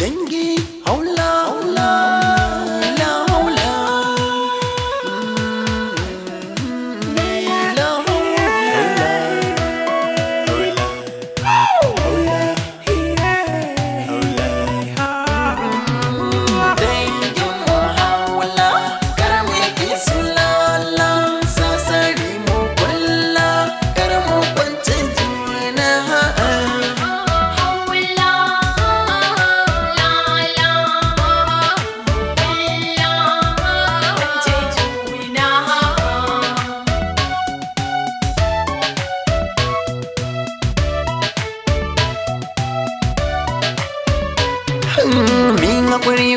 ಬೆಂಗಿ ಅವಳ Mm, minga kweli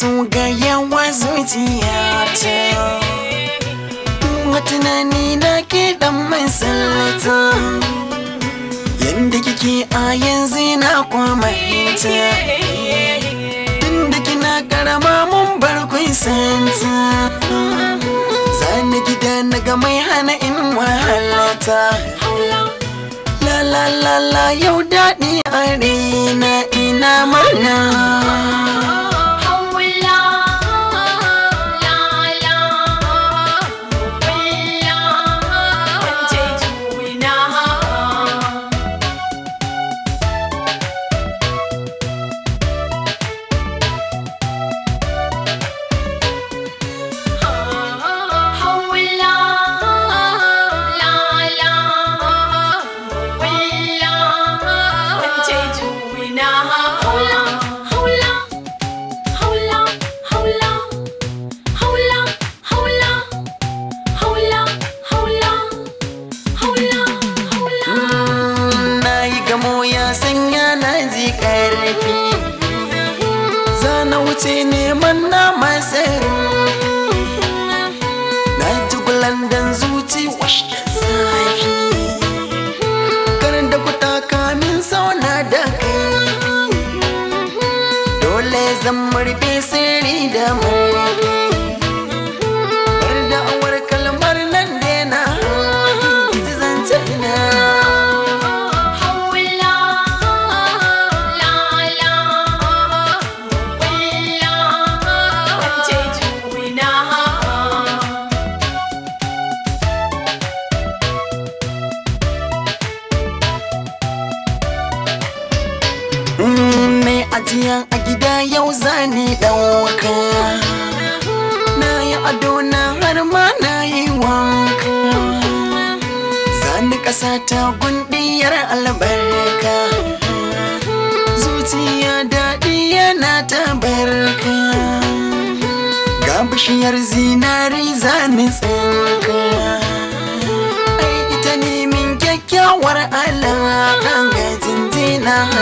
su ga yawa zuciyata tunani na ke ɗan mai sallata yadda kike a yanzu na kwama ita tunda kina karama mun bar kun santa zani gida na ga mai hana in wahalata la la la la yau daɗi a ina ina mana tasirin na ji gulandan zuci zafi karin da kuta kamin sauna da kai dole zan murfe sirri da mai ajiya a gida yau zani ɗauka na yi ado na har ma na yi wanka zani ƙasa ta gundiyar albarka zuciya daɗi yana ta barka ga bishiyar zinari zani tsinka ai ita ne min kyakkyawar alaƙa ga jinjina